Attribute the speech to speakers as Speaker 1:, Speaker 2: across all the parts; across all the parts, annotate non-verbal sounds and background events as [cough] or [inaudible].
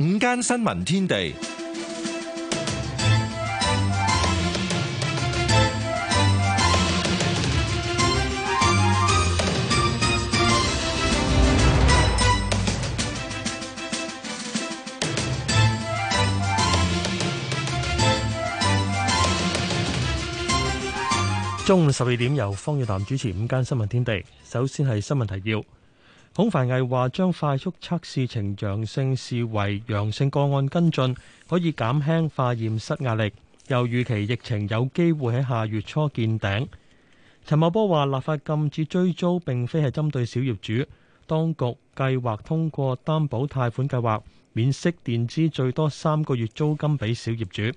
Speaker 1: 午間新聞天地，中午十二點由方月南主持《午間新聞天地》。首先係新聞提要。孔繁毅話將快速測試呈陽性視為陽性個案跟進，可以減輕化驗室壓力。又預期疫情有機會喺下月初見頂。陳茂波話立法禁止追租並非係針對小業主，當局計劃通過擔保貸款計劃免息墊支最多三個月租金俾小業主。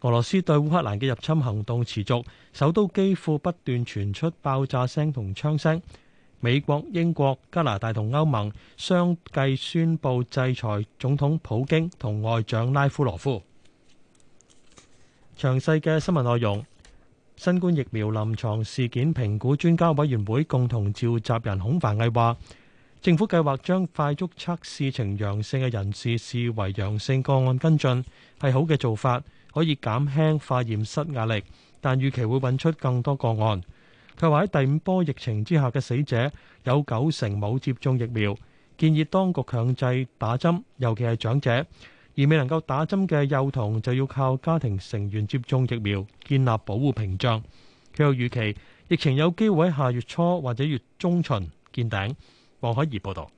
Speaker 1: 俄羅斯對烏克蘭嘅入侵行動持續，首都基輔不斷傳出爆炸聲同槍聲。美國、英國、加拿大同歐盟相繼宣布制裁總統普京同外長拉夫羅夫。詳細嘅新聞內容，新冠疫苗臨床事件評估專家委員會共同召集人孔繁毅話，政府計劃將快速測試呈陽性嘅人士視為陽性個案跟進，係好嘅做法，可以減輕化驗室壓力，但預期會揾出更多個案。佢話喺第五波疫情之下嘅死者有九成冇接種疫苗，建議當局強制打針，尤其係長者。而未能夠打針嘅幼童就要靠家庭成員接種疫苗，建立保護屏障。佢又預期疫情有機會喺下月初或者月中旬見頂。黃海怡報導。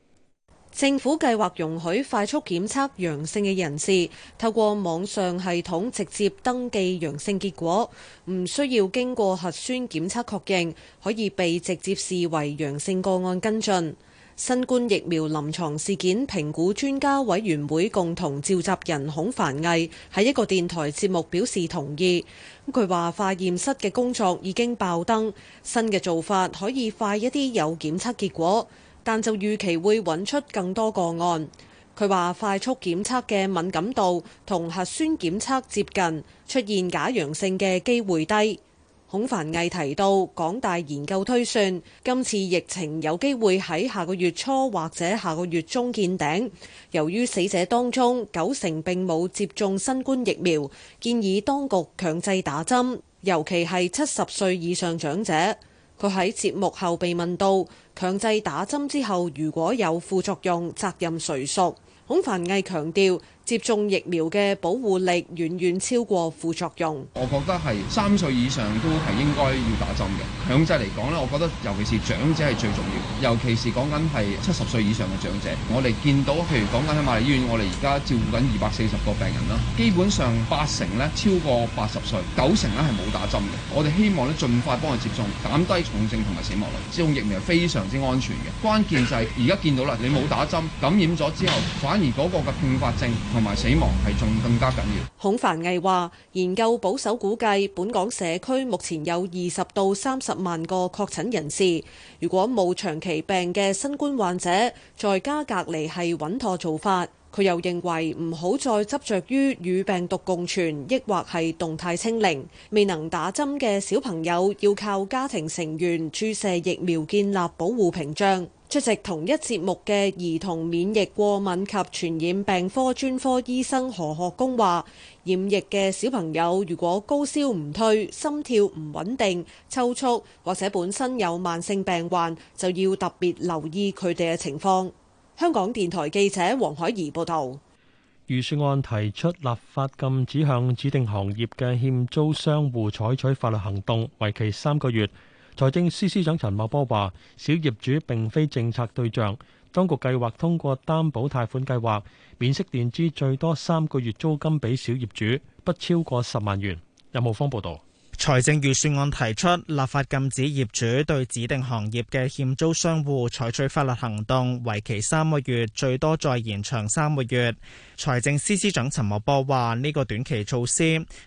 Speaker 2: 政府計劃容許快速檢測陽性嘅人士透過網上系統直接登記陽性結果，唔需要經過核酸檢測確認，可以被直接視為陽性個案跟進。新冠疫苗臨床事件評估專家委員會共同召集人孔凡毅喺一個電台節目表示同意。佢話化驗室嘅工作已經爆燈，新嘅做法可以快一啲有檢測結果。但就預期會揾出更多個案，佢話快速檢測嘅敏感度同核酸檢測接近，出現假陽性嘅機會低。孔繁毅提到，港大研究推算今次疫情有機會喺下個月初或者下個月中見頂。由於死者當中九成並冇接種新冠疫苗，建議當局強制打針，尤其係七十歲以上長者。佢喺節目後被問到：強制打針之後，如果有副作用，責任誰屬？孔繁毅強調，接種疫苗嘅保護力遠遠超過副作用。
Speaker 3: 我覺得係三歲以上都係應該要打針嘅。強制嚟講呢，我覺得尤其是長者係最重要，尤其是講緊係七十歲以上嘅長者。我哋見到，譬如講緊喺瑪麗醫院，我哋而家照顧緊二百四十個病人啦，基本上八成呢超過八十歲，九成呢係冇打針嘅。我哋希望呢盡快幫佢接種，減低重症同埋死亡率。接種疫苗非常之安全嘅，關鍵就係而家見到啦，你冇打針感染咗之後，反而嗰個嘅併發症同埋死亡係仲更加緊要。
Speaker 2: 孔繁毅話，研究保守估計本港社區目前有二十到三十萬個確診人士。如果冇長期病嘅新冠患者，在家隔離係穩妥做法。佢又認為唔好再執着於與病毒共存，抑或係動態清零。未能打針嘅小朋友要靠家庭成員注射疫苗建立保護屏障。出席同一節目的兒童免疫過敏及傳染病科專科醫生何學公話，染疫嘅小朋友如果高燒唔退，心跳唔穩定，抽搐，或者本身有慢性病患，就要特別留意佢哋嘅情況。香港電台記者黃海怡報道。
Speaker 1: 預算案提出立法禁止向指定行業的欠租商戶採取法律行動，為期三個月，財政司司長陳茂波話：小業主並非政策對象，當局計劃通過擔保貸款計劃，免息墊資最多三
Speaker 4: 個月租金俾小業主，不超過十萬元。任浩方報導。財政預算案提出立法禁止業主對指定行業嘅欠租商戶採取法律行動，為期三個月，最多再延長三個月。財政司司長陳茂波話：呢個短期措施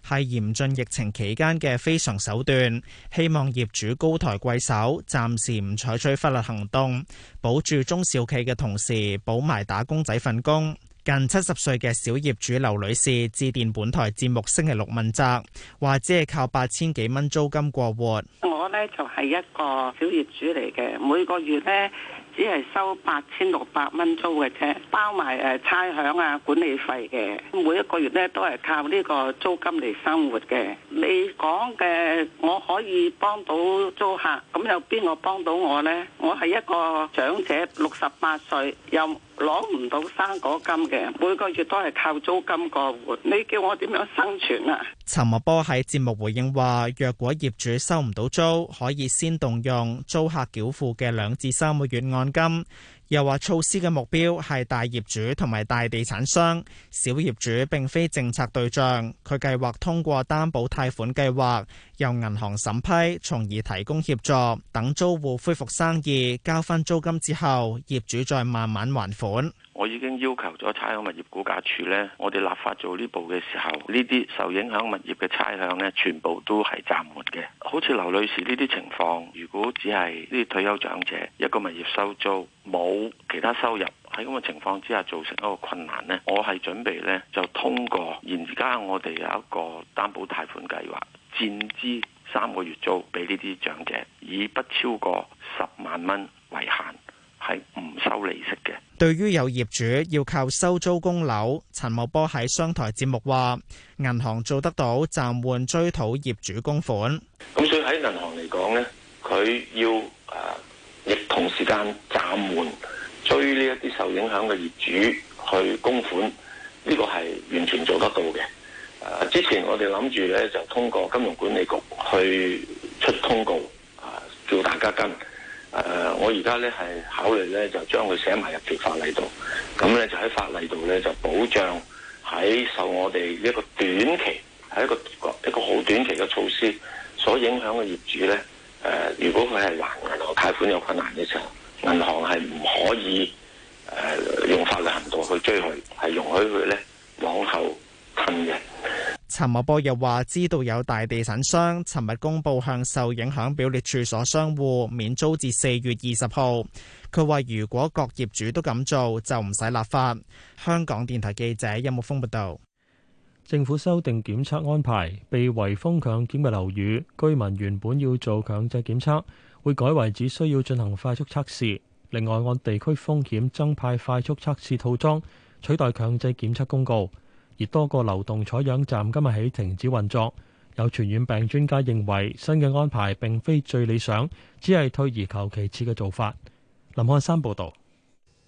Speaker 4: 係嚴峻疫情期間嘅非常手段，希望業主高抬貴手，暫時唔採取法律行動，保住中小企嘅同時，保埋打工仔份工。近七十歲嘅小業主劉女士致電本台節目星期六問責，話只係靠八千幾蚊租金過活。
Speaker 3: 我呢就係、是、一個小業主嚟嘅，每個月呢只係收八千六百蚊租嘅啫，包埋誒、呃、差餉啊管理費嘅。每一個月呢都係靠呢個租金嚟生活嘅。你講嘅我可以幫到租客，咁有邊個幫到我呢？我係一個長者，六十八歲又。攞唔到生果金嘅，每個月都係靠租金
Speaker 5: 過活，你叫我點樣生存啊？
Speaker 4: 陳茂波喺節目回應話：「若果業主收唔到租，可以先動用租客繳付嘅兩至三個月按金。」又話措施嘅目標係大業主同埋大地產商，小業主並非政策對象。佢計劃通過擔保貸款計劃。由銀行審批，從而提供協助。等租戶恢復生意、交翻租金之後，業主再慢慢還款。
Speaker 1: 我已經要求咗差餉物業估價署呢，我哋立法做呢步嘅時候，呢啲受影響物業嘅差餉呢，全部都係暫緩嘅。好似劉女士呢啲情況，如果只係呢啲退休長者一個物業收租冇其他收入，喺咁嘅情況之下造成一個困難呢，我係準備呢，就通過。而家我哋有一個擔保貸款計劃。墊資三個月租俾呢啲長者，以不超過十萬蚊為限，係
Speaker 5: 唔收利息嘅。
Speaker 4: 對於有業主要靠收租供樓，陳茂波喺商台節目話：銀行做得到暫緩追討業主供款。
Speaker 1: 咁所以喺銀行嚟講呢，佢要啊，亦同時間暫緩追呢一啲受影響嘅業主去供款，呢、呢個係完全做得到嘅。之前我哋諗住咧，就通過金融管理局去出通告啊，叫大家跟。誒，我而家咧，係考慮咧，就將佢寫埋入條法例度，咁咧，就喺法例度咧就保障喺受我哋一個短期，係一個一個好短期嘅措施所影響嘅業主咧。誒，如果佢係還銀行貸款有困難嘅時候，銀行係唔可以誒用法律行動去追佢，係容許佢咧往後吞
Speaker 4: 嘅。陳茂波又話：知道有大地產商，尋日公布向受影響表列處所商戶免租至四月二十號。佢話如果各業主都咁做，就唔使立法。香港電台記者任木峰報道。政府修訂檢測安排，被圍封強檢嘅樓宇居民
Speaker 1: 原本要做強制檢測，會改為只需要進行快速測試。另外，按地區風險增派快速測試套裝，取代強制檢測公告。而多個流動採樣站今日起停止運作。有傳染病專家認為，新
Speaker 6: 嘅安排並非最理想，只係退而求其次嘅做法。林漢山報道。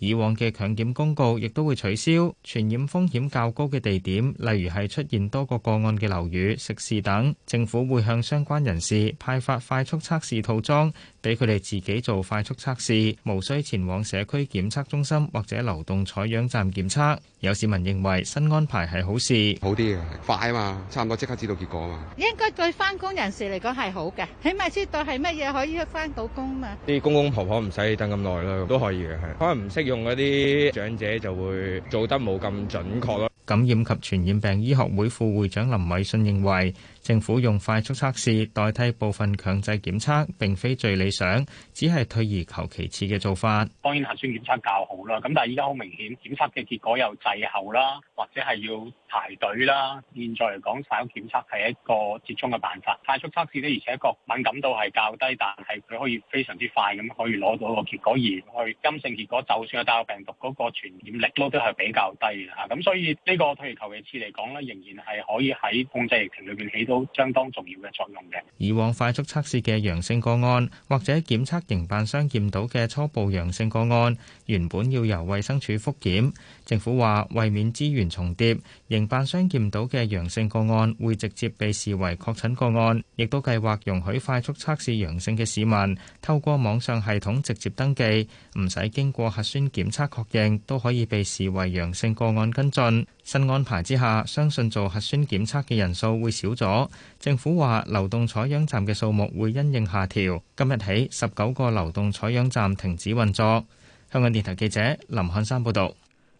Speaker 6: 以往嘅強檢公告亦都會取消，傳染風險較高嘅地點，例如係出現多個個案嘅樓宇、食肆等，政府會向相關人士派發快速測試套裝。俾佢哋自己做快速測試，無需前往社區檢測中心或者流動採樣站檢測。有市民認為新安排係好事，好啲呀，快啊嘛，差唔多即刻知道結果啊嘛。
Speaker 2: 應該對返工人士嚟講係好嘅，起碼知道係乜嘢可以返到工啊嘛。
Speaker 6: 啲公公婆婆唔使等咁耐喇，都可以嘅，係。可能唔識用嗰啲長者就會做得冇咁準確咯。感染及傳染病醫學會副會長林偉信認為。政府用快速測試代替部分強制檢測，並非最理想，只係退而求其次嘅做法。
Speaker 1: 當然核酸檢測較好啦，咁但係依家好明顯，檢測嘅結果又滯後啦，或者係要排隊啦。現在嚟講，採檢測係一個折中嘅辦法。快速測試呢，而且一個敏感度係較低，但係佢可以非常之快咁可以攞到一個結果，而佢陰性結果就算係帶有病毒嗰個傳染力咯，都係比較低嘅。咁所以呢個退而求其次嚟講咧，仍然係可以喺控制疫情裏邊起到相當重要
Speaker 6: 嘅作用嘅。以往快速測試嘅陽性個案，或者檢測營辦商驗到嘅初步陽性個案，原本要由衛生署覆檢。政府話為免資源重疊，營辦商驗到嘅陽性個案會直接被視為確診個案，亦都計劃容許快速測試陽性嘅市民透過網上系統直接登記，唔使經過核酸檢測確認都可以被視為陽性個案跟進。新安排之下，相信做核酸檢測嘅人數會少咗。政府話流動採樣站嘅數目會因應下調，今日起十九個流動採樣站停止運作。香港電台記者林漢山報道。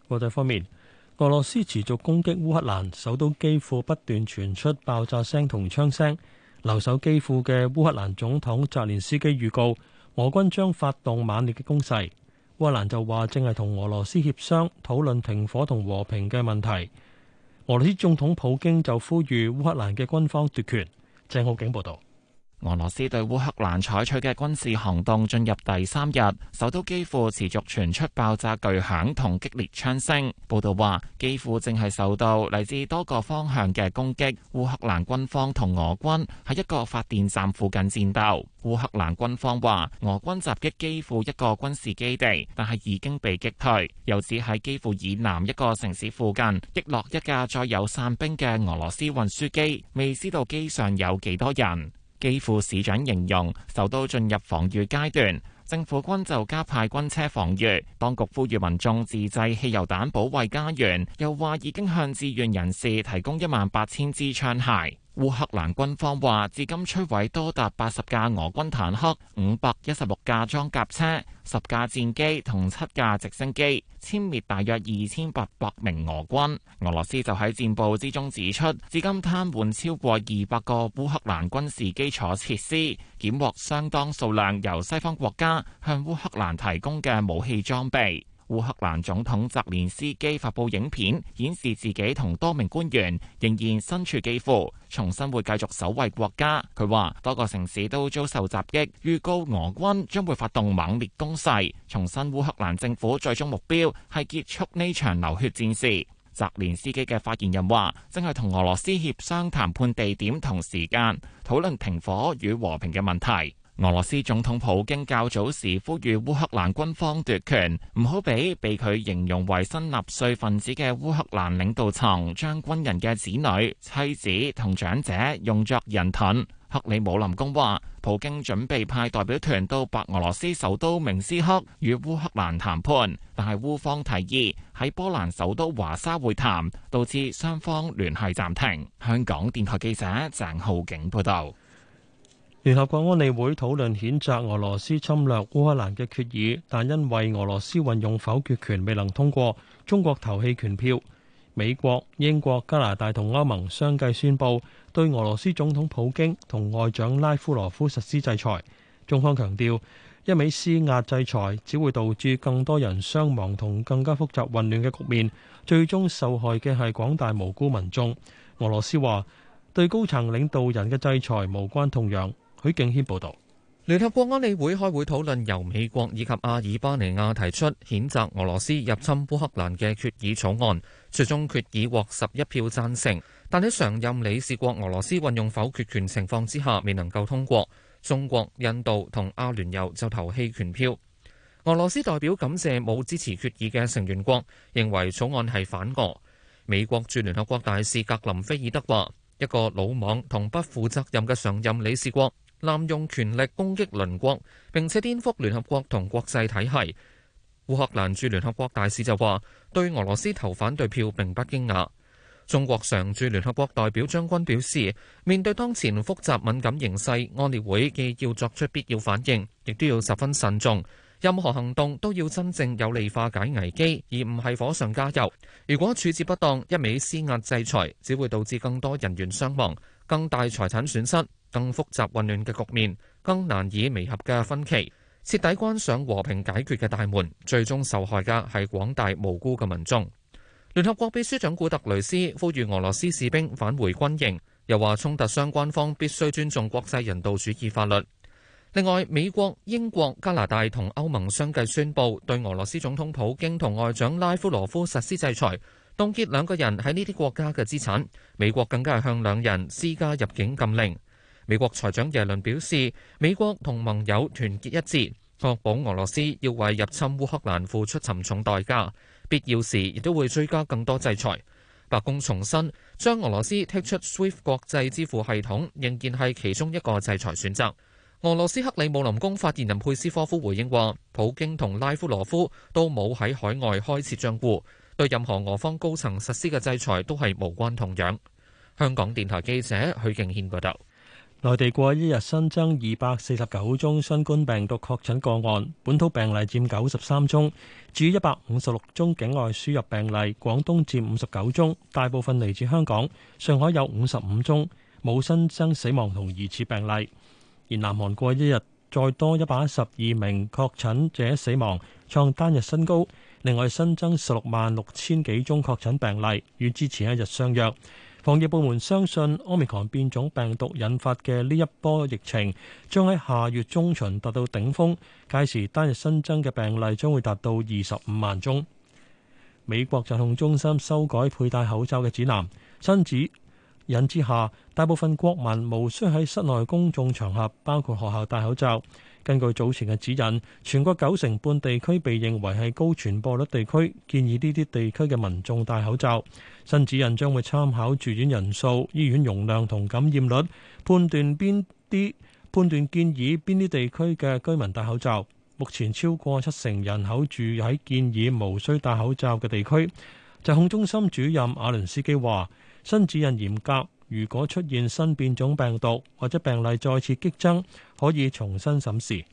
Speaker 6: 國際方面，俄羅斯持續攻擊烏克蘭首
Speaker 1: 都基輔，不斷傳出爆炸聲同槍聲。留守基輔嘅烏克蘭總統澤連斯基預告，俄軍將發動猛烈嘅攻勢。烏克蘭就話正係同俄羅斯協商討論停火同和和平嘅問題。俄羅斯總統普京就呼籲烏克蘭嘅軍方奪權。鄭浩景報道。
Speaker 5: 俄羅斯對烏克蘭採取嘅軍事行動進入第三日，首都基輔持續傳出爆炸巨響同激烈槍聲。報道話，基輔正係受到嚟自多個方向嘅攻擊。烏克蘭軍方同俄軍喺一個發電站附近戰鬥。烏克蘭軍方話，俄軍襲擊基輔一個軍事基地，但係已經被擊退。又指喺基輔以南一個城市附近擊落一架載有傘兵嘅俄羅斯運輸機，未知道機上有幾多人。基輔市長形容首都進入防禦階段，政府軍就加派軍車防禦，當局呼籲民眾自製汽油彈保衛家園，又話已經向志願人士提供一萬八千支槍械。烏克蘭軍方話，至今摧毀多達八十架俄軍坦克、五百一十六架裝甲車、十架戰機同七架直升機，殲滅大約二千八百名俄軍。俄羅斯就喺戰報之中指出，至今癱瘓超過二百個烏克蘭軍事基礎設施，檢獲相當數量由西方國家向烏克蘭提供嘅武器裝備。烏克蘭總統澤連斯基發佈影片，顯示自己同多名官員仍然身處基輔，重新會繼續守衛國家。佢話多個城市都遭受襲擊，預告俄軍將會發動猛烈攻勢。重申烏克蘭政府最終目標係結束呢場流血戰事。澤連斯基嘅發言人話，正係同俄羅斯協商談判地點同時間，討論停火與和平嘅問題。俄羅斯總統普京較早時呼籲烏克蘭軍方奪權，唔好俾被佢形容為新納粹分子嘅烏克蘭領導層將軍人嘅子女、妻子同長者用作人盾。克里姆林宮話，普京準備派代表團到白俄羅斯首都明斯克與烏克蘭談判，但係烏方提議喺波蘭首都華沙會談，導致雙方聯繫暫停。香港電台記者鄭浩景報道。聯合國安
Speaker 1: 理會討論譴責俄羅斯侵略烏克蘭嘅決議，但因為俄羅斯運用否決權未能通過。中國投棄權票。美國、英國、加拿大同歐盟相繼宣布對俄羅斯總統普京同外長拉夫羅夫實施制裁。中方強調，一味施壓制裁只會導致更多人傷亡同更加複雜混亂嘅局面，最終受害嘅係廣大無辜民眾。俄羅斯話對高層領導人嘅制裁無關痛癢。許敬軒報
Speaker 3: 道，聯合國安理會開會討論由美國以及阿爾巴尼亞提出譴責俄羅斯入侵烏克蘭嘅決議草案，最終決議獲十一票讚成，但喺常任理事國俄羅斯運用否決權情況之下，未能夠通過。中國、印度同阿聯酋就投棄權票。俄羅斯代表感謝冇支持決議嘅成員國，認為草案係反俄。美國駐聯合國大使格林菲爾德話，一個魯莽同不負責任嘅常任理事國。濫用權力攻擊鄰國，並且顛覆聯合國同國際體系。烏克蘭駐聯合國大使就話：對俄羅斯投反對票並不驚訝。中國常駐聯合國代表張軍表示，面對當前複雜敏感形勢，安理會既要作出必要反應，亦都要十分慎重。任何行動都要真正有利化解危機，而唔係火上加油。如果處置不當，一味施壓制裁，只會導致更多人員傷亡。更大財產損失，更複雜混亂嘅局面，更難以彌合嘅分歧，徹底關上和平解決嘅大門，最終受害嘅係廣大無辜嘅民眾。聯合國秘書長古特雷斯呼籲俄羅斯士兵返回軍營，又話衝突相關方必須尊重國際人道主義法律。另外，美國、英國、加拿大同歐盟相繼宣布對俄羅斯總統普京同外長拉夫羅夫實施制裁。凍結兩個人喺呢啲國家嘅資產，美國更加係向兩人施加入境禁令。美國財長耶倫表示，美國同盟友團結一致，確保俄羅斯要為入侵烏克蘭付出沉重代價，必要時亦都會追加更多制裁。白宮重申，將俄羅斯踢出 SWIFT 國際支付系統，仍然係其中一個制裁選擇。俄羅斯克里姆林宮發言人佩斯科夫回應話，普京同拉夫羅夫都冇喺海外開設賬戶。對任何俄方高層實施嘅制裁都係無關痛癢。香港電台記者許敬軒報道：
Speaker 1: 內地過一日新增二百四十九宗新冠病毒確診個案，本土病例佔九十三宗，至於一百五十六宗境外輸入病例，廣東佔五十九宗，大部分嚟自香港，上海有五十五宗，冇新增死亡同疑似病例。而南韓過一日再多一百十二名確診者死亡，創單日新高。另外新增十六萬六千幾宗確診病例，與之前一日相若。防疫部門相信，奧密克戎變種病毒引發嘅呢一波疫情，將喺下月中旬達到頂峰，屆時單日新增嘅病例將會達到二十五萬宗。美國疾控中心修改佩戴口罩嘅指南，新指引之下，大部分國民無需喺室內公眾場合，包括學校戴口罩。根據早前嘅指引，全國九成半地區被認為係高傳播率地區，建議呢啲地區嘅民眾戴口罩。新指引將會參考住院人數、醫院容量同感染率，判斷邊啲判斷建議邊啲地區嘅居民戴口罩。目前超過七成人口住喺建議無需戴口罩嘅地區。疾控中心主任阿倫斯基話：新指引嚴格。如果出現新變種病毒或者病例再次激增，可以重新審視。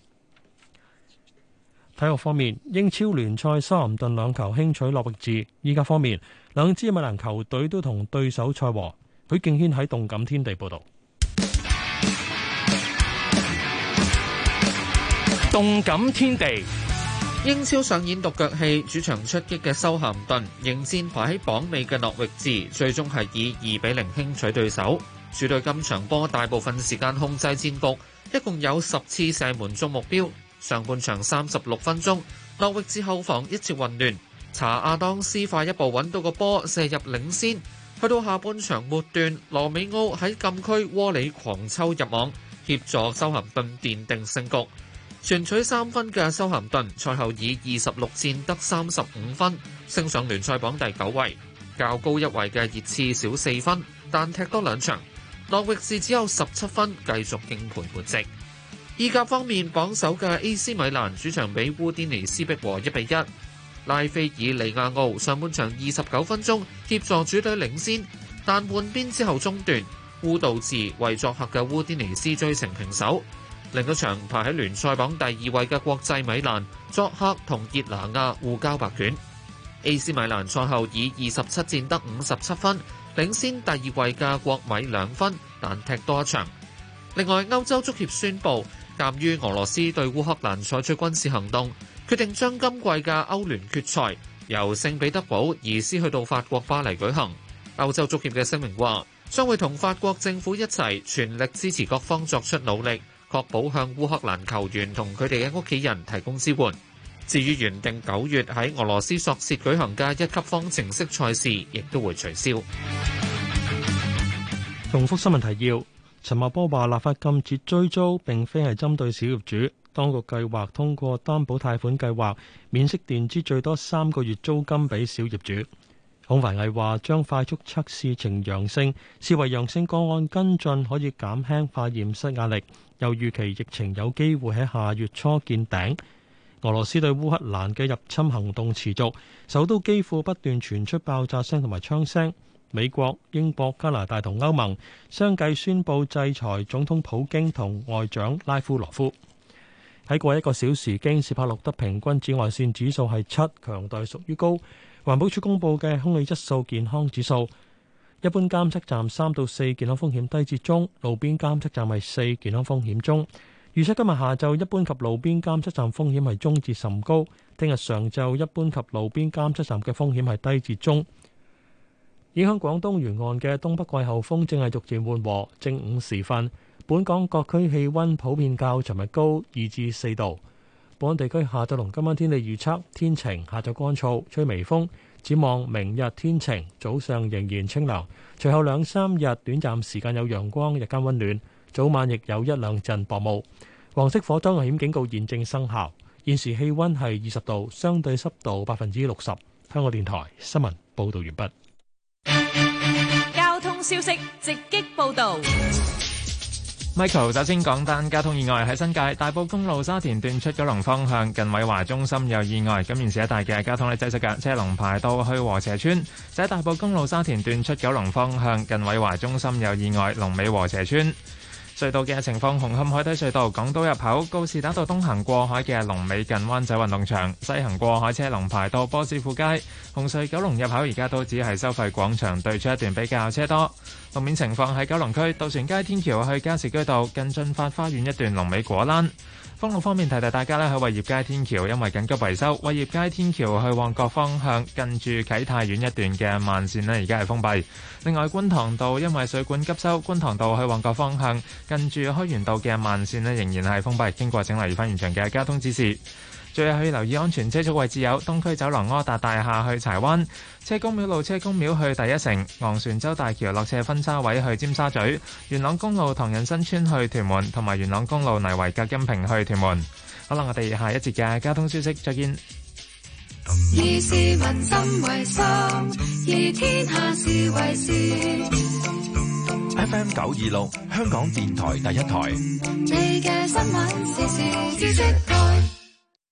Speaker 1: 體育方面，英超聯賽沙門頓兩球輕取諾域治。意甲方面，兩支米蘭球隊都同對手賽和。許敬軒喺動感天地報導。
Speaker 3: 動感天地。報英超上演獨腳戲，主場出擊嘅修咸頓迎戰排喺榜尾嘅諾域治，最終係以二比零輕取對手。主隊今場波大部分時間控制戰局，一共有十次射門中目標。上半場三十六分鐘，諾域治後防一直混亂，查亞當斯快一步揾到個波射入領先。去到下半場末段，羅美奧喺禁區窩裏狂抽入網，協助修咸頓奠定勝局。全取三分嘅修咸頓賽後以二十六戰得三十五分，升上聯賽榜第九位，較高一位嘅熱刺少四分，但踢多兩場，諾域治只有十七分，繼續敬陪末席。意甲方面，榜首嘅 AC 米蘭主場比烏迪尼斯逼和一比一，拉斐爾利亞奧上半場二十九分鐘協助主隊領先，但換邊之後中斷，烏道治為作客嘅烏迪尼斯追成平手。另一場排喺聯賽榜第二位嘅國際米蘭作客同熱拿亞互交白卷。A.C. 米蘭賽後以二十七戰得五十七分，領先第二位嘅國米兩分，但踢多一場。另外，歐洲足協宣布，鑑於俄羅斯對烏克蘭採取軍事行動，決定將今季嘅歐聯決賽由聖彼得堡移師去到法國巴黎舉行。歐洲足協嘅聲明話，將會同法國政府一齊全力支持各方作出努力。確保向烏克蘭球員同佢哋嘅屋企人提供支援。至於原定九月喺俄羅斯索契舉行嘅一級方程式賽事，亦都會取消。
Speaker 1: 重複新聞提要：陳茂波話，立法禁止追租並非係針對小業主，當局計劃通過擔保貸款計劃免息墊資最多三個月租金俾小業主。孔繁毅話，將快速測試呈陽性視為陽性個案跟進，可以減輕化驗室壓力。又預期疫情有機會喺下月初見頂。俄羅斯對烏克蘭嘅入侵行動持續，首都幾乎不斷傳出爆炸聲同埋槍聲。美國、英國、加拿大同歐盟相繼宣布制裁總統普京同外長拉夫羅夫。喺過一個小時經，京士柏錄得平均紫外線指數係七，強度屬於高。環保署公佈嘅空氣質素健康指數。一般監測站三到四，健康風險低至中，路邊監測站係四，健康風險中。預測今日下晝一般及路邊監測站風險係中至甚高。聽日上晝一般及路邊監測站嘅風險係低至中。影響廣東沿岸嘅東北季候風正係逐漸緩和。正午時分，本港各區氣溫普遍較尋日高二至四度。本港地區下晝同今晚天氣預測，天晴，下晝乾燥，吹微風。展望明日天晴，早上仍然清涼，隨後兩三日短暫時間有陽光，日間溫暖，早晚亦有一兩陣薄霧。黃色火災危險警告現正生效，現時氣溫係二十度，相對濕度百分
Speaker 7: 之六十。香港電台新聞報道完畢。
Speaker 8: 交通消息直擊報道。
Speaker 7: Michael，首先講單交通意外，喺新界大埔公路沙田段出九龍方向近偉華中心有意外，咁現時一帶嘅交通呢，擠塞緊，車龍排到去禾輋邨。就喺大埔公路沙田段出九龍方向近偉華中心有意外，龍尾禾輋邨。隧道嘅情況，紅磡海底隧道港島入口、告士打道東行過海嘅龍尾近灣仔運動場，西行過海車龍排到波斯富街。紅隧九龍入口而家都只係收費廣場對出一段比較車多。路面情況喺九龍區渡船街天橋去加士居道近進發花園一段龍尾果欄。公路方面，提提大家咧，喺偉業街天橋，因為緊急維修，偉業街天橋去旺角方向，近住啟泰苑一段嘅慢線呢，而家係封閉。另外，觀塘道因為水管急修，觀塘道去旺角方向，近住開源道嘅慢線呢，仍然係封閉。經過，請留意翻現場嘅交通指示。最後可以留意安全車速位置有：東區走廊柯達大廈去柴灣、車公廟路車公廟去第一城、昂船洲大橋落車分叉位去尖沙咀、元朗公路唐人新村去屯門、同埋元朗公路泥圍隔音屏去屯門。好啦，我哋下一節嘅交通消息，再見。
Speaker 2: 以市民心為心，以天下
Speaker 9: 事為事 [music] FM 九二六，香港電台第一台。你
Speaker 2: 嘅新聞
Speaker 8: 時時知識台。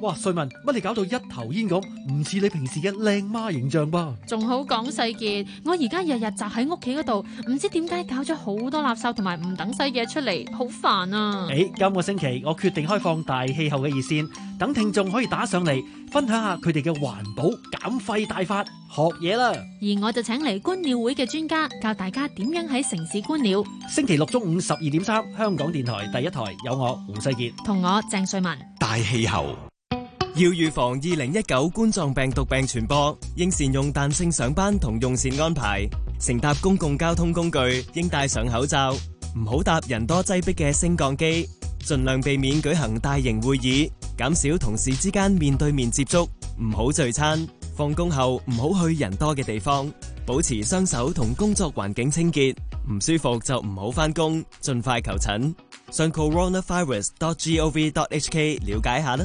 Speaker 9: 哇，瑞文，乜你搞到一頭煙咁？唔似你平時嘅靚媽形象噃？
Speaker 8: 仲好講世杰，我而家日日宅喺屋企嗰度，唔知點解搞咗好多垃圾同埋唔等使嘢出嚟，好煩啊！誒、欸，
Speaker 9: 今個星期我決定開放大氣候嘅熱線，等聽眾可以打上嚟，分享下佢哋嘅環保減廢大法，學嘢啦。
Speaker 8: 而我就請嚟觀鳥會嘅專家，教大家點樣喺城市觀鳥。
Speaker 9: 星期六中午十二點三，3，香港電台第一台有我胡世杰
Speaker 8: 同我鄭瑞文
Speaker 9: 大氣候。要預防二零一九
Speaker 4: 冠狀病毒病傳播，應善用彈性上班同用膳安排。乘搭公共交通工具應戴上口罩，唔好搭人多擠迫嘅升降機。盡量避免舉行大型會議，減少同事之間面對面接觸。唔好聚餐，放工後唔好去人多嘅地方。保持雙手同工作環境清潔。唔舒服就唔好返工，盡快求診。上 coronavirus.gov.hk 了解下啦。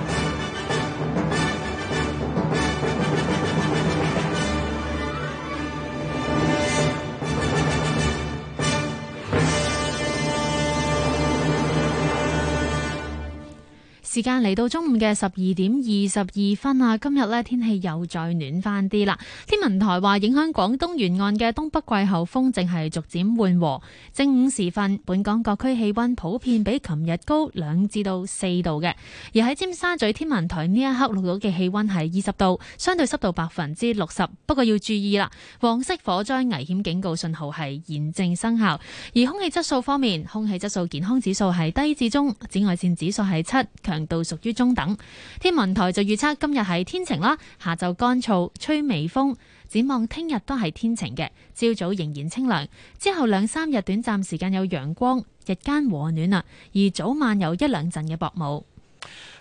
Speaker 8: 時間嚟到中午嘅十二點二十二分啊！今日呢，天氣又再暖翻啲啦。天文台話影響廣東沿岸嘅東北季候風正係逐漸緩和。正午時分，本港各區氣温普遍比琴日高兩至到四度嘅。而喺尖沙咀天文台呢一刻錄到嘅氣温係二十度，相對濕度百分之六十。不過要注意啦，黃色火災危險警告信號係現正生效。而空氣質素方面，空氣質素健康指數係低至中，紫外線指數係七強。程度屬於中等，天文台就預測今日係天晴啦，下晝乾燥，吹微風，展望聽日都係天晴嘅，朝早仍然清涼，之後兩三日短暫時間有陽光，日間和暖啊，而早晚有一兩陣嘅薄霧。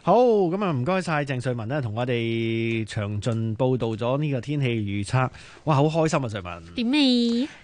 Speaker 9: 好，咁啊唔該晒鄭瑞文呢，同我哋詳盡報道咗呢個天氣預測。哇，好開心啊，瑞文
Speaker 8: 點咩？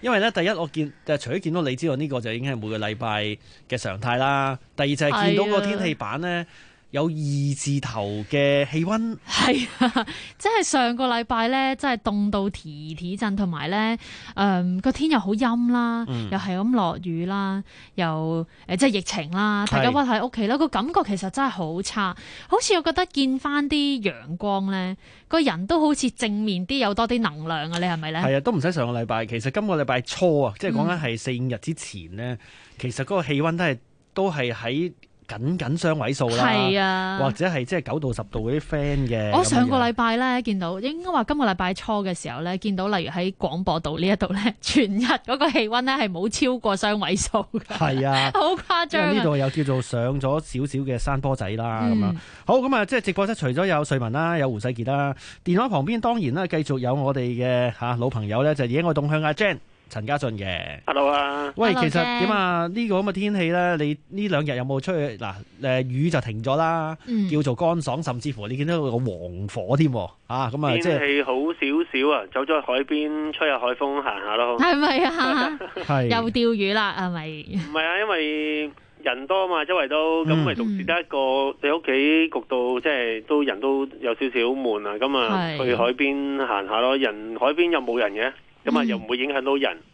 Speaker 9: 因為呢，第一我見，誒，除咗見到你之外，呢個就已經係每個禮拜嘅常態啦。第二就係見到個天氣板呢。有二字頭嘅氣溫，係啊，
Speaker 8: 即係上個禮拜咧，真係凍到騰騰震，同埋咧，誒、呃、個天又好陰啦，又係咁落雨啦，嗯、又誒即係疫情啦，大家屈喺屋企啦，個感覺其實真係好差，好似我覺得見翻啲陽光咧，個人都好似正面啲，有多啲能量啊，你係咪咧？係啊，
Speaker 9: 都唔使上個禮拜，其實今個禮拜初啊，即係講緊係四五日之前咧，嗯、其實嗰個氣溫都係都係喺。僅僅雙位數啦，係啊，或者係即係九到十度嗰啲 friend 嘅。我上個
Speaker 8: 禮拜咧見到，應該話今個禮拜初嘅時候咧見到，例如喺廣播道呢一度咧，全日嗰個氣溫咧係冇超過雙位數。係啊，好誇張。呢度
Speaker 9: 又叫做上咗少少嘅山坡仔啦，咁啊，嗯。好，咁啊，即係直播室除咗有瑞文啦，有胡世傑啦，電話旁邊當然啦，繼續有我哋嘅吓老朋友咧，就係野外動向阿、啊、Jan 陳家俊嘅，hello 啊，喂，其實點啊？呢個咁嘅天氣咧，你呢兩日有冇出去嗱？誒，雨就停咗啦，叫做乾爽，甚至乎你見到個黃火添啊！咁啊，天氣好少少啊，走咗去海邊吹下海風，行下咯，係咪
Speaker 8: 啊？係又釣魚啦，係咪？
Speaker 9: 唔係啊，因為人多啊嘛，周圍都咁咪獨，只得一個喺屋企焗到，即係都人都有少少悶啊。咁啊，去海邊行下咯，人海邊又冇人嘅？咁啊，嗯、又唔會影響到人。